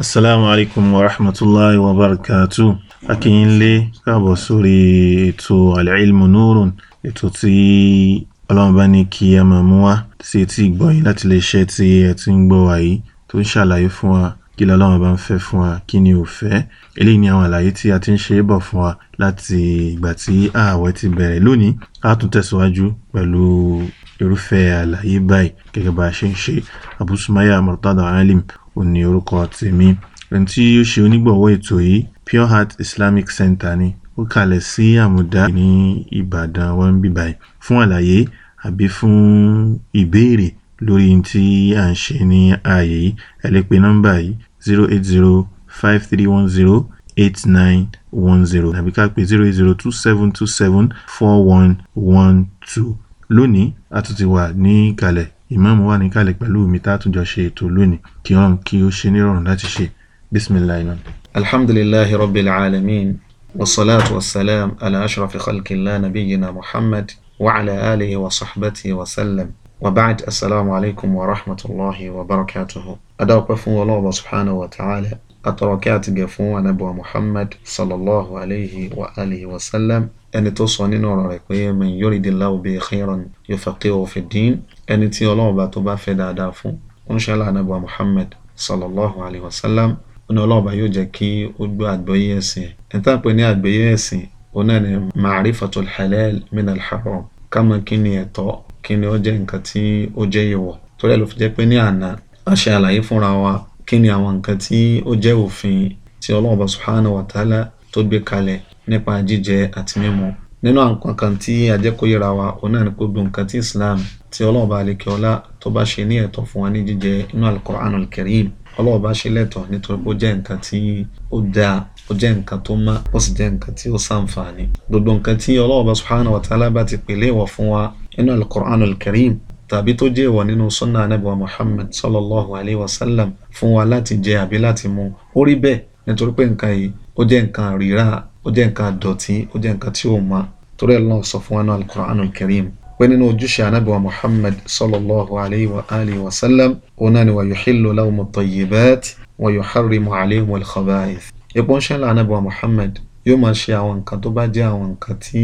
asalaamu alaykum wa rahmatulahi wa barakatu akínyínlé káàbọ̀ sórí ètò alilmu nurun ètò tí ọlọ́run bá ní kí ẹ máa mú wá sí etí ìgbọ̀yìn láti lè ṣe tí ẹ ti ń gbọ́ wá yìí tó ń ṣàlàyé fún wa kí lọ́lọ́run bá ń fẹ́ fún wa kí ni ò fẹ́ eléyìí ni àwọn àlàyé tí a ti ń ṣe é bọ̀ fún wa láti ìgbà tí ààwẹ̀ ti bẹ̀rẹ̀ lónìí a tún tẹ̀síwájú pẹ̀lú irúfẹ́ àlàyé báyìí gẹ́gẹ́ bá a ṣe ń ṣe Abu Sumayya Murtada Alim ò ní orúkọ tèmi ẹni tí ó ṣe onígbọ̀wọ́ ètò yìí Pure Heart Islamic Center ni ó kalẹ̀ sí àmúdá ní Ìbàdàn wa ń bí báyìí fún àlàyé àbí fún ìbéèrè lórí tí à ń ṣe ní ààyè yìí ẹ lè pe nọ́mbà yìí zero eight zero five three one zero eight nine one zero tàbí ká pe zero eight zero two seven two seven four one one two lónìí a tún ti wà ní kalẹ̀ ìmáàmù wà ní kalẹ̀ pẹ̀lú mi tá a tún jọ ṣe ètò lónìí kí ọ̀run kí ó ṣe nírọ̀rùn láti ṣe bisimilayi ma. alhamdulilayi rabbil alamin wasalaatu wasalaam ala ashrafi khalkillah nabiyina muhammad wa ala alihi wa sahbatihi wa sallam wa ba'd asalaamu alaykum wa rahmatulahi wa barakatuhu. adáwọ̀pẹ́ fún ọlọ́wọ́ subhanahu wa ta'ala atọrọ kí àtìgẹ̀ fún anábọ̀ muhammad sallallahu alayhi wa alihi wa sallam ẹni tó sọ nínú ọ̀rọ̀ rẹ̀ pé man yuridillahu bihi khayran yufaqihu fid-din ẹni tí ọlọ́run bá tó bá fẹ́ dáadáa fún ó ń ṣẹlẹ̀ anábọ̀ muhammad sallallahu alayhi wa sallam ọ̀nà ọlọ́run bá yóò jẹ́ kí ó gbọ́ àgbọ́yé ẹ̀sìn ẹ̀ tá à ń ní àgbọ́yé ẹ̀sìn òun náà ni ma'rifatul halal min al-haram kí ni ẹ̀tọ́ kí ni ó jẹ́ nǹkan tí ó jẹ́ ìwọ̀ torí ẹ̀ ló fi jẹ́ pé ní àná a àlàyé fúnra wa kí ni àwọn nǹkan tí ó jẹ́ òfin tí ọlọ́run bá subhanahu wa ta'ala tó gbé kalẹ̀ nípa jíjẹ àti mímu nínú àwọn kankan tí ajẹ́kóyèrà wa òun náà ni gbogbo nǹkan tí islam tí ọlọ́run bá lè kí ọlá tó bá ṣe ní ẹ̀tọ́ fún wa ní jíjẹ inú al-Qur'an al-Karim ọlọ́run bá ṣe lẹ́tọ̀ọ́ nítorí pé ó jẹ́ nǹkan tí ó dáa ó jẹ́ nǹkan tó má ó sì jẹ́ nǹkan tí ó sàǹfààní gbogbo nǹkan tí ọlọ́run bá subhanahu wa ta'ala bá ti pèlè wọ̀ fún wa inú al-Qur'an al tàbí tó jẹ́ ìwọ̀ nínú sunna anabiwa muhammad sallallahu alayhi wa sallam fún wa láti jẹ àbí láti mu ó rí bẹ́ẹ̀ nítorí pé nǹkan yìí ó jẹ́ nǹkan ríra ó jẹ́ nǹkan dọ̀tí ó jẹ́ nǹkan tí ó ma torí ẹ̀ lọ́n sọ fún wa náà al-Qur'an al-Karim pé nínú ojúṣe anabiwa muhammad sallallahu alayhi wa alihi wa sallam òun náà ni wa yuhillu lahum at-tayyibat wa yuharrimu alayhim al-khaba'ith ipò ń ṣẹlẹ̀ anabiwa muhammad yóò máa ṣe àwọn nǹkan tó bá jẹ́ àwọn nǹkan tí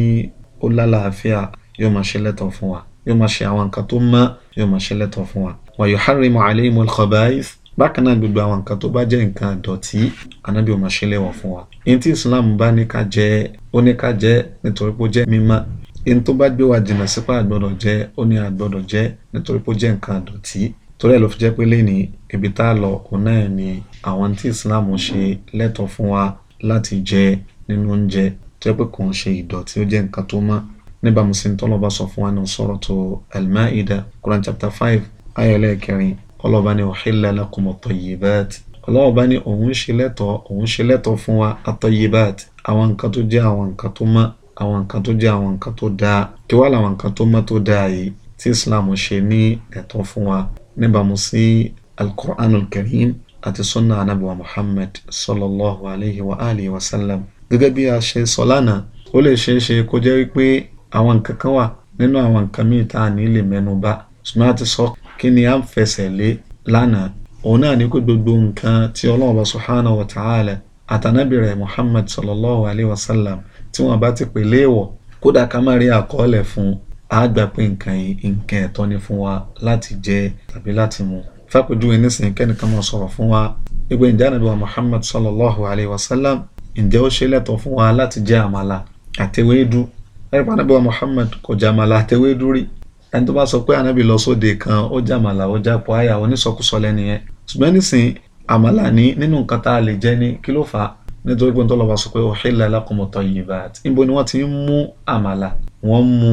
ó lálàáfíà yóò máa ṣe lẹ́tọ̀ fún wa yóò máa ṣe àwọn nǹkan tó mọ́ yóò máa ṣe lẹ́tọ̀ fún wa. wa yuharrimu alayhimul khaba'ith bákan náà gbogbo àwọn nǹkan tó bá jẹ́ nǹkan àdọ̀tí anábì ò máa ṣe léwọ̀ fún wa. ẹni tí islam bá ní ká jẹ ó ní ká jẹ nítorí pé ó jẹ́ mímọ́ ẹni tó bá gbé wa jìnnà sípà àgbọ̀dọ̀ jẹ ó ní àgbọ̀dọ̀ jẹ nítorí pé ó jẹ́ nǹkan àdọ̀tí torí ẹ̀ ló fi jẹ́ pé lẹ́ni ibi tá a lọ òun náà ni àwọn tí islam ṣe lẹ́tọ̀ fún wa láti jẹ nínú oúnjẹ tó jẹ́ pé kò ń ṣe ìdọ̀tí ó jẹ́ nǹkan tó mọ́ níbàámu sí tọ́lọ́ba sọ fún wa ní suratu al-Ma'idah Quran chapter five ayẹlẹ́ kẹrin ọlọ́ba ní uhilla lakumu tayyibat ọlọ́ba ní òun ṣe lẹ́tọ̀ọ́ òun ṣe lẹ́tọ̀ọ́ fún wa at-tayyibat àwọn nǹkan tó jẹ́ àwọn nǹkan tó mọ́ àwọn nǹkan tó jẹ́ àwọn nǹkan tó dáa kí wàá làwọn nǹkan tó mọ́ tó dáa yìí tí Islam ṣe ní ẹ̀tọ́ fún wa níbàámu sí al-Qur'an gẹ́gẹ́ bí a ṣe sọ lánàá ó lè ṣeé ṣe kó jẹ́ wípé àwọn nǹkan kan wà nínú àwọn nǹkan míì tá a ní lè mẹ́nu bà ṣùgbọ́n a ti sọ kí ni à ń fẹsẹ̀ lé lánàá òun náà ní pé gbogbo nǹkan tí ọlọ́run bá subhanahu wa ta'ala àtànábì rẹ̀ muhammad sallallahu alayhi wa sallam tí wọ́n bá ti pè léèwọ̀ kódà ká má rí àkọọ́lẹ̀ fún a gbà pé nǹkan yìí nǹkan ẹ̀tọ́ ni fún wa láti jẹ tàbí láti mu fàpèjúwe nísìnyí kẹ́nìkan máa sọ̀rọ̀ fún wa ìgbé ǹjẹ́ ànábì wa muhammad sallallahu alayhi wa sallam ǹjẹ́ ó ṣe lẹ́tọ̀ọ́ fún wa láti jẹ àmàlà àtẹwédú ẹ̀pọ̀ anábì wa Muhammad kò jàmàlà àtẹwé dúrí ẹni tó bá sọ pé anábì lọ sóde kan ó jàmàlà ó jápọ̀ àyà onísọkúsọ lẹ́nu yẹn ṣùgbọ́n nísìnyí àmàlà ní nínú nǹkan tá a lè jẹ ní kí ló fà á nítorí pé ntọ́lọ́ba sọ pé uhilla lakumut tayyibat níbo ni wọ́n ti ń mú àmàlà wọ́n mú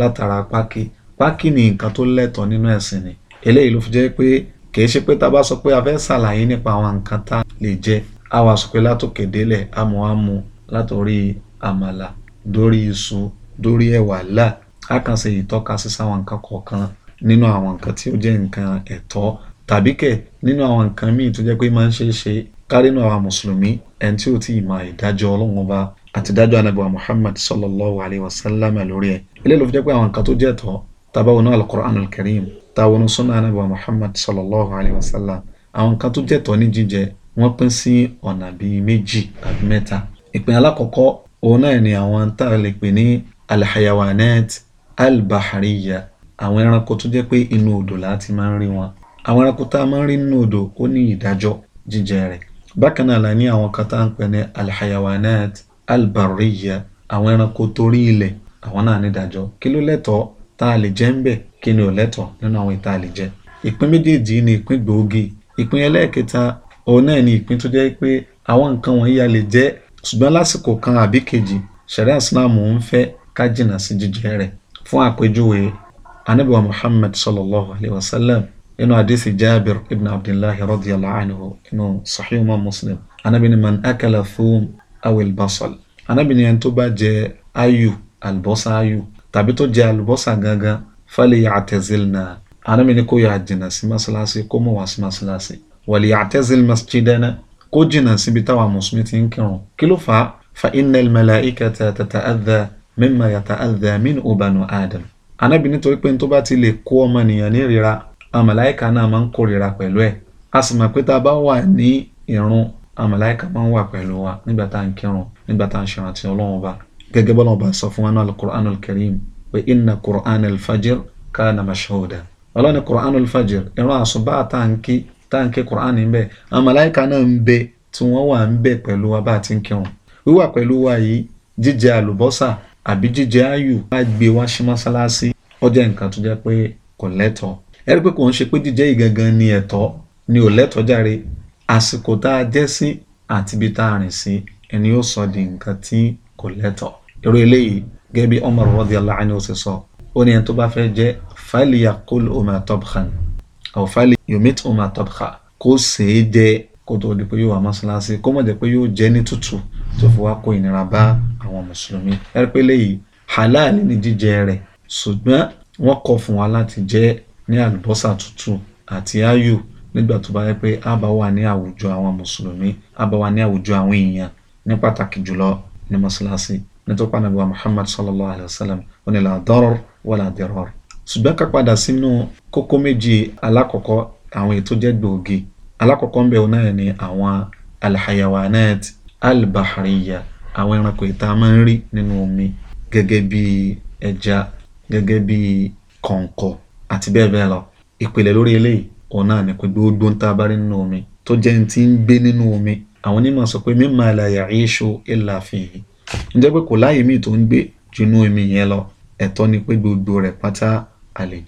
látara pákí pákí ni nǹkan tó lẹ́tọ̀ọ́ nínú ẹ̀sìn ni eléyìí ló fi jẹ́ pé kì í ṣe pé tá a bá sọ pé a fẹ́ ṣàlàyé nípa àwọn nǹkan tá a lè jẹ a wá sọ pé látòkè délẹ̀ amọ̀ amọ̀ látòrí àmàlà dórí iṣu dórí ẹ̀wà là á kàn ṣe ìtọ́ka sí sáwọn nǹkan kọ̀ọ̀kan nínú àwọn nǹkan tí ó jẹ́ nǹkan ẹ̀tọ́ tàbí kẹ̀ nínú àwọn nǹkan míì tó jẹ́ pé máa ń ṣe é ṣe kárínú àwọn mùsùlùmí ẹni tí ò tí ì mọ ìdájọ́ ọlọ́run ọba àti ìdájọ́ anabi muhammad sallallahu alayhi wa sallam lórí ẹ̀ eléyìí ló fi jẹ́ pé àwọn nǹkan tó jẹ́ ẹ̀tọ́ tabawo náà al-Qur'an al-Karim sunna anabi muhammad sallallahu alayhi wa sallam àwọn nǹkan tó jẹ́ ẹ̀tọ́ ní jíjẹ wọ́n pín sí ọ̀nà bíi méjì àbí mẹ́ta ìpín alákọ̀ọ́kọ́ òun náà ni àwọn tá a lè pè ní alhayawanet albahariya àwọn ẹranko tó jẹ́ pé inú odò láti máa ń rí wọn àwọn ẹranko tá a máa ń rí nínú odò ó ní ìdájọ́ jíjẹ rẹ̀ bákan náà la ní àwọn kan tá à ń pè ní alhayawanet albariya àwọn ẹranko torí ilẹ̀ àwọn náà ní ìdájọ́ kí ló lẹ́tọ̀ọ́ tá a lè jẹ ń bẹ̀ kí ni ò lẹ́tọ̀ọ́ nínú àwọn ìta lè jẹ ìpín méjèèjì ni ìpín gbòógì ìpín ẹlẹ́ẹ̀kẹta òun náà ni ìpín tó jẹ́ pé àwọn nǹkan wọ̀nyí a lè jẹ ṣùgbọ́n lásìkò kan àbí kejì ṣẹ̀ríà Ìsìlámù ń fẹ́ ká jìnnà sí jíjẹ rẹ̀ fún àpèjúwe anábìwá muhammad sallallahu alayhi wa sallam inú àdìsí jaabir ibn abdullahi radiyallahu anhu inú sahih umar muslim anábìíní man akala thum awil basal anábìíní ẹni tó bá jẹ ayù àlùbọ́sà ayù tàbí tó jẹ àlùbọ́sà gangan fali ya'tazilna anábìíní kó yà jìnnà sí masalasi kó mọ̀ wá sí masalasi wàlí ya'tazil masjidana kó jìnnà síbi táwa mùsùlùmí ti ń kírun kí ló fà á fa innal malaikata tata'adha mímọ yàtà àdàmínú ọbànú adam anábì nítorí pé tó bá ti lè kó ọmọnìyàn ní ìrira àmàláìka náà máa ń kórira pẹ̀lú ẹ̀ a sì mọ̀ pé tá a bá wà ní ìrun àmàláìka máa ń wà pẹ̀lú wa nígbà tá à ń kírun nígbà tá à ń ṣèrántí ọlọ́run ọba gẹ́gẹ́ bọ́lá ọba sọ fún wa náà al-Qur'anul Karim pé inna Qur'ana al-fajr kana mashhuda ọlọ́ni Qur'anul fajr ìrun àsùbá táǹkì táǹkì Qur'an ń bẹ àmàláìka náà ń bẹ tí wọ́n wà ń bẹ pẹ̀lú wa bá a ti ń kírun wíwà pẹ̀lú wa yìí jíjẹ àlùbọ́sà àbí jíjẹ áyù wá gbé wá sí mọ́ṣáláṣí ó jẹ́ nǹkan tó jẹ́ pé kò lẹ́tọ̀ọ́ ẹ rí i pé kò ń ṣe pé jíjẹ yìí gangan ni ẹ̀tọ́ ni ò lẹ́tọ̀ọ́ járe àsìkò tá a jẹ́ sí àti ibi tá a rìn sí ẹni yóò sọ di nǹkan tí kò lẹ́tọ̀ọ́ irú eléyìí gẹ́gẹ́ bí Umar radiyallahu anhu ṣe sọ ó ní ẹni tó bá fẹ́ jẹ́ fali yakul oma tobkhan aw fali yomit oma tobkha kó sèé jẹ kó tó di pé yóò wá mọ́ṣáláṣí kó mọ̀ jẹ́ pé yóò jẹ́ ní tútù tó fi wá kó ìnira bá àwọn mùsùlùmí ẹ rí pé léyìí halal ní jíjẹ rẹ̀ ṣùgbọ́n wọ́n kọ̀ fún wa láti jẹ ní àlùbọ́sà tútù àti ayò nígbà tó bá yẹ pé a bá wà ní àwùjọ àwọn mùsùlùmí a bá wà ní àwùjọ àwọn èèyàn ní pàtàkì jùlọ ní mọ́ṣáláṣí nítorí pàdánù Muhammad sallallahu alayhi wa sallam ó ní la darar wala dirar ṣùgbọ́n ká padà sínú kókó méjì alákọ̀ọ́kọ́ àwọn ètò jẹ́ gbòógì alákọ̀ọ́kọ́ ń bẹ̀ náà ni àwọn alhayawanat albahariya àwọn ẹranko ìta máa ń rí nínú omi gẹ́gẹ́ bí ẹja gẹ́gẹ́ bí kọ̀ǹkọ̀ àti bẹ́ẹ̀ bẹ́ẹ̀ lọ ìpìlẹ̀ lórí eléyìí òun náà ni pé gbogbo ń tá a bá rí nínú omi tó jẹ́ ń ti ń gbé nínú omi àwọn onímọ̀ sọ pé mimma la ya'ishu illa fihi ǹjẹ́ pé kò láyé míì tó ń gbé ju inú omi yẹn lọ ẹ̀tọ́ ni pé gbogbo rẹ̀ pátá a lè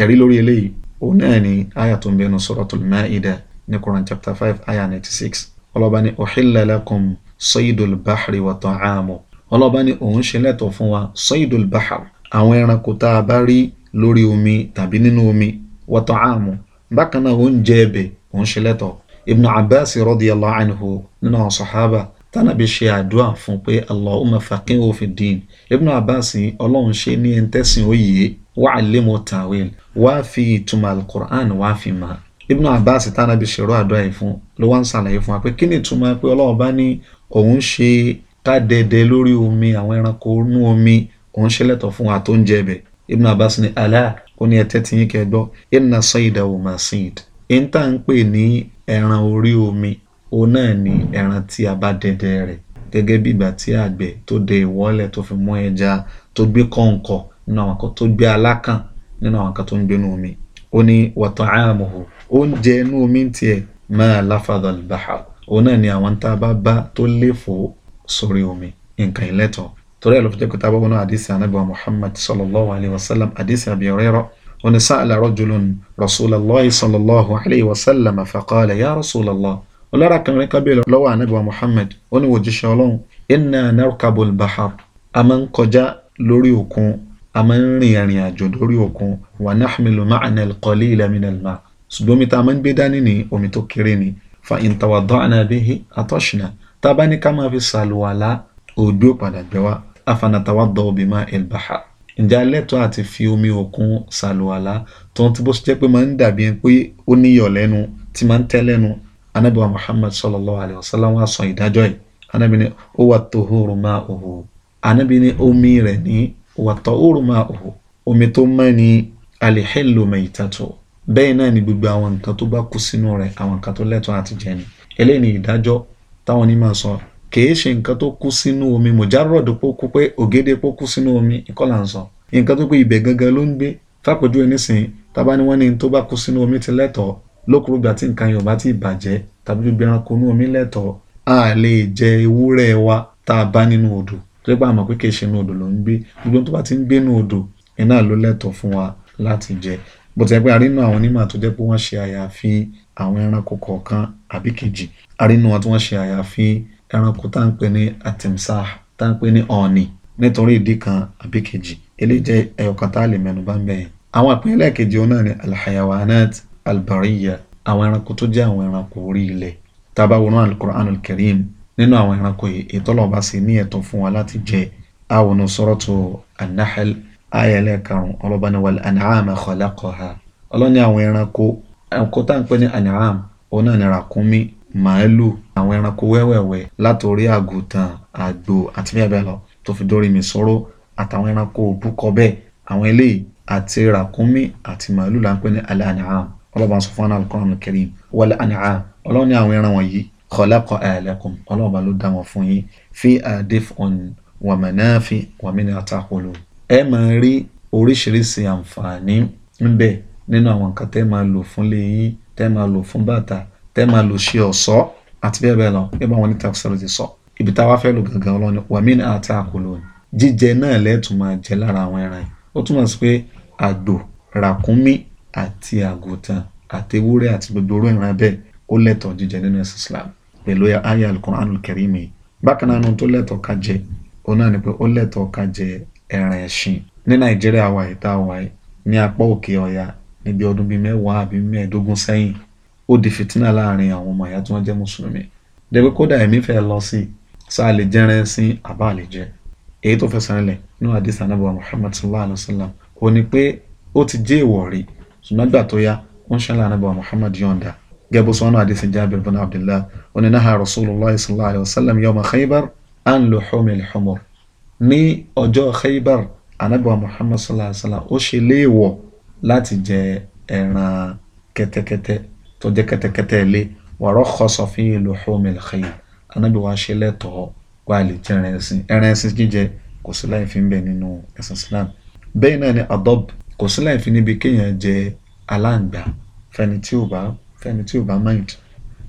ẹ̀rí lórí eléyìí òun náà ni àyà tó ń bẹnu suratul Ma'idah ní Quran chapter five àyà ninety six ọlọ́ba ni uhilla lakum sayidul bahri wa ta'amu ọlọ́ba ni òun ṣe lẹ́tọ̀ fún wa sayidul bahar àwọn ẹranko tá a bá rí lórí omi tàbí nínú omi wa ta'amu bákan náà oúnjẹ ẹbẹ̀ òun ṣe lẹ́tọ̀ ibn abbas radiyallahu anhu nínú àwọn sahaba tánàbí ṣe àdúrà fún pé allahumma faqihu fi din ibn abbas ọlọ́run ṣe ní ẹntẹ́sìn òye wa allimu tawil wá fi ìtumọ̀ alukur'an wá fi máa ibn abbas tánàbí ṣèrò àdúrà yìí fún ló wá ń ṣàlàyé fún wa pé kí ni ìtumọ̀ pé ọlọ́run bá ní òun ṣe ká dẹdẹ lórí omi àwọn ẹranko inú omi òun ṣe lẹ́tọ̀ọ́ fún wa tó ń jẹ bẹ̀ Ibn Abbas ní alá ó ní ẹtẹ́ tí yín kẹ́ gbọ́ inna sayda wa masid ń tà ń pè ní ẹran orí omi òun náà ni ẹran tí a bá dẹdẹ rẹ̀ gẹ́gẹ́ bí ìgbà tí àgbẹ̀ tó dẹ ìwọ́lẹ̀ tó fi mú ẹja tó gbé kọ̀ǹkọ̀ nínú àwọn kan tó gbé alákàn nínú àwọn kan tó ń gbénu omi ó ní wa ta'amuhu oúnjẹ inú omi ń tiẹ̀ ma lafadha òun náà ni àwọn tá a bá bá tó léfòó sórí omi nǹkan ìlẹ́tọ̀ọ́ torí ẹ̀ ló fi jẹ́ pé tá a bá wọnú àdìsí anábìwá muhammad sallallahu alayhi wa sallam àdìsí àbí ọ̀rẹ́rọ̀ ó ní sáàlà rọ́júlùn rasulallah sallallahu alayhi wa sallam faqala ya rasulallah ọlọ́ra kan rẹ̀ kábíyè lọ́wọ́ anábìwá muhammad ó ní wòjíṣẹ́ ọlọ́run inna narkabul bahar a máa ń kọjá lórí òkun a máa ń rìn ìrìn àjò lórí òkun wa nahmilu ma'ana al-qalila min al-ma' ṣùgbọ́n omi tá a máa ń gbé dání ni omi tó kéré ni fa ìntàwàdọ́ànà bíi àtọ́ṣìnà tá a bá ní ká máa fi ṣàlùwàlá òdó padà gbẹ wá àfanàtàwàdọ́ òbí máa ẹ̀lbàhà ǹjẹ́ alẹ́tọ̀ àti fi omi òkun ṣàlùwàlá tó ń tí bó jẹ́ pé máa ń dàbí ẹni pé ó níyọ̀ lẹ́nu tí máa ń tẹ́ lẹ́nu anábìwá Muhammad sallallahu alayhi wa sallam wa sọ ìdájọ́ yìí anábì ní ó wà tóhóró máa òhò anábì ní omi rẹ̀ ní wà tóhóró máa òhò omi tó mọ́ ni alìhẹ́lò mẹ́yìtàtọ̀ bẹ́ẹ̀ náà ni gbogbo àwọn nǹkan tó bá kó sínú rẹ̀ àwọn nǹkan tó lẹ́tọ̀ọ́ àti jẹ ni eléyìí ni ìdájọ́ táwọn onímọ̀ sọ kìí ṣe nǹkan tó kú sínú omi mọ̀járọ̀dù pó kú pé ògèdè pó kú sínú omi ikọ́ là ń sọ nǹkan tó pé ibẹ̀ gangan ló ń gbé fàpèjúwe nísìnyí tábà ni wọ́n ní tó bá kú sínú omi ti lẹ́tọ̀ọ́ lókùrúgbà tí nǹkan yóò bá ti bàjẹ́ tàbí gbogbo ẹranko inú omi lẹ́tọ̀ọ́ a lè jẹ ewúrẹ́ wa tá a bá nínú odò tó bá mọ̀ pé kìí ṣe inú odò ló ń gbé gbogbo tó bá ti ń gbé inú odò iná ló lẹ́tọ̀ọ́ fún wa láti jẹ bó ti yẹ pé arínú àwọn onímọ̀ tó jẹ́ pé wọ́n ṣe àyàfi àwọn ẹranko kọ̀ọ̀kan àbí kejì arínú wọn tí wọ́n ṣe àyàfi ẹranko tá ń pè ní atimsah tá ń pè ní ọ̀ọ̀nì nítorí ìdí kan àbí kejì eléyìí jẹ́ ẹ̀yọ̀kan tá a lè mẹ́nu bá ń bẹ̀ àwọn ìpínlẹ̀ kejì òun náà ni alhayawanat albariya àwọn ẹranko tó jẹ́ àwọn ẹranko orí ilẹ̀ tá a bá wọnú alukur'anul karim nínú àwọn ẹranko yìí ètò àwọn sọ́rọ́tò ayẹlẹ́ karùn-ún ọlọ́ba ní wàlẹ̀ an'ama khalaqaha ọlọ́ni àwọn ẹranko ẹranko tá à ń pè ní an'am òun náà ní ràkúnmí màálù àwọn ẹranko wẹ́wẹ̀wẹ́ látòrí àgùntàn àgbò àti bẹ́ẹ̀ bẹ́ẹ̀ lọ tó fi dórí mi sọ̀rọ̀ àtàwọn ẹranko òbúkọ bẹ́ẹ̀ àwọn eléyìí àti ràkúnmí àti màálù là ń pè ní alẹ́ an'am ọlọ́ba sọ fún al-Qur'an al-Karim wàlẹ̀ an'am ọlọ́ni àwọn ẹran wọ̀nyí khalaqa lakum ọlọ́ba ló dá wọn fún yín fi adifun wa manafi ẹ máa rí oríṣiríṣi àǹfààní ńbẹ nínú àwọn nǹkan tẹ́ máa lò fún ilé yín tẹ́ máa lò fún bàtà tẹ́ máa lò ṣe ọ̀ṣọ́ àti bẹ́ẹ̀ bẹ́ẹ̀ lọ bí àwọn onítàkùsọ̀rọ̀ ti sọ ibi táwa fẹ́ lò gangan ọlọ́ni wàmíìn àti àkùlò jíjẹ náà lẹ́ẹ̀tún máa jẹ lára àwọn ẹran yìí ó túmọ̀ sí pé àgbò ràkúnmí àti àgùntàn àti àti gbogbo orú ìran bẹ́ẹ̀ ó lẹ́tọ̀ọ́ jíjẹ nínú ẹ̀sìn Islam pẹ̀lú ayé al-Qur'an al-Karim bákan náà tó lẹ́tọ̀ọ́ ká jẹ òun náà ni pé ó lẹ́tọ̀ọ́ ká jẹ ẹ̀rìn ẹ̀sìn ní nàìjíríà wa yìí tá a wà yìí ní apá òkè ọ̀yà níbi ọdún bíi mẹ́wàá àbí mẹ́ẹ̀ẹ́dógún sẹ́yìn ó di fìtínà láàrin àwọn ọmọ ìyá tí wọ́n jẹ́ mùsùlùmí dẹ́gbẹ́ kódà ẹ̀mí fẹ́ lọ sí sá lè jẹ́rẹ́ sí àbá lè jẹ́ èyí tó fẹsẹ̀ rẹ̀ nínú àdìsá anábọ̀ muhammad sallallahu alayhi wa sallam kò ní pé ó ti jẹ́ ìwọ̀ rí ṣùgbọ́n gbà tó yá ó ń ṣẹlẹ̀ anábọ̀ muhammad yọ̀ǹda gẹ́gbó sọ́nà àdìsí jábìr bin abdullah onínáhà rasulillah sallallahu alayhi wa sallam yawma khaybar an luhumil humur ní ọjọ́ khaybar anabiwa muhammad sallallahu alaihi wa sallam ó ṣe léèwọ̀ láti jẹ ẹran kẹ́tẹ́kẹ́tẹ́ tó jẹ́ kẹ́tẹ́kẹ́tẹ́ ilé wa rakhasa fi luhumil khayl anabiwa ṣe lẹ́tọ̀ọ́ wà lè jẹ ẹran ẹ̀sìn ẹran ẹ̀sìn jíjẹ kò sí láì fi ń bẹ nínú ẹ̀sìn islam bẹ́ẹ̀ náà ni adob kò sí láì fi níbi kéèyàn jẹ aláǹgbá fẹ́ni tí ò bá fẹ́ni tí ò bá mind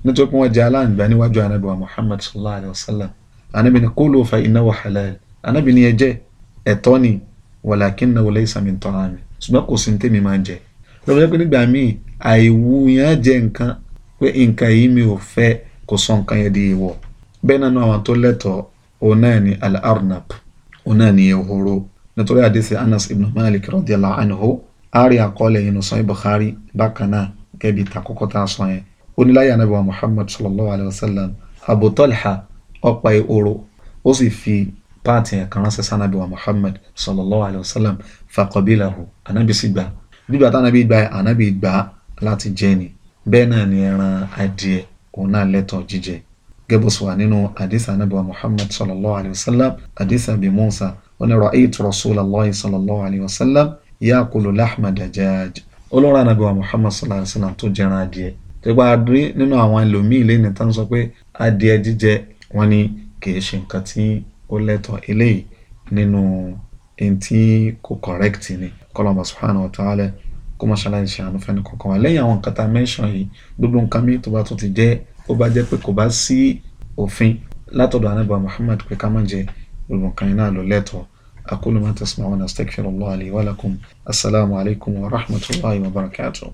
nítorí pé wọ́n jẹ aláǹgbá níwájú anabiwa muhammad sallallahu alaihi wa sallam anabi ni kulu fa innahu halal anábì ní ẹ jẹ ẹ̀tọ́ ni walakinnahu laysa min ta'ami ṣùgbọ́n kò sí ní tèmi máa jẹ lọ́wọ́ pé nígbà míì àìwú yẹn jẹ nǹkan pé nǹkan yìí mi ò fẹ́ kò sọ nǹkan yẹn di ìwọ bẹ́ẹ̀ náà àwọn tó lẹ́tọ̀ọ́ òun náà ni al-arnab òun náà ni ehoro nítorí àdìsí Anas ibn Malik radiyallahu anhu ari àkọọ́lẹ̀ yìí nùsọ̀ Bukhari bákan náà kẹ́bi takọ́kọ́ tá a sọ yẹn oníláyà nàbẹ̀wá Muhammad sallallahu alayhi wa sallam Abu Talha ó pa ó sì fi paati yẹn kan ránṣẹ́ sanabi wa muhammad sallallahu alayhi wa sallam faqabilahu anabi sì gbà gbígbà tá anabi gbà anabi gbà láti jẹ ni bẹ́ẹ̀ náà ni ẹran adìẹ òun náà lẹ́tọ̀ọ́ jíjẹ gẹ́bùsù wà nínú àdìsá anabi wa muhammad sallallahu alayhi wa sallam àdìsá bí musa ó ní ra'aytu rasulallahi sallallahu alayhi wa sallam yaakulu lahma dajaj olórí anabi wa muhammad sallallahu alayhi wa sallam tó jẹran adìẹ tẹgbà adúrí nínú àwọn ẹlòmíì lẹ́ni tá sọ pé adìẹ jíjẹ wọn ni kì í ṣe nǹkan tí ó lẹ́tọ̀ eléyìí nínú ẹni tí kò correct ni kọ́lọ́mọ̀ subhanahu wa ta'ala kó má ṣàlàyé ṣe àánú fẹ́ni kankan wa lẹ́yìn àwọn nǹkan tá a mention yìí gbogbo nǹkan mi tó bá tún ti jẹ́ ó bá jẹ́ pé kò bá sí òfin látọ̀dọ̀ anábà Muhammad pé ká má jẹ gbogbo nǹkan yìí náà ló lẹ́tọ̀ọ́ aqulu ma tasma'una astaghfirullah li wa lakum assalamu alaykum wa rahmatullahi wa barakatuh.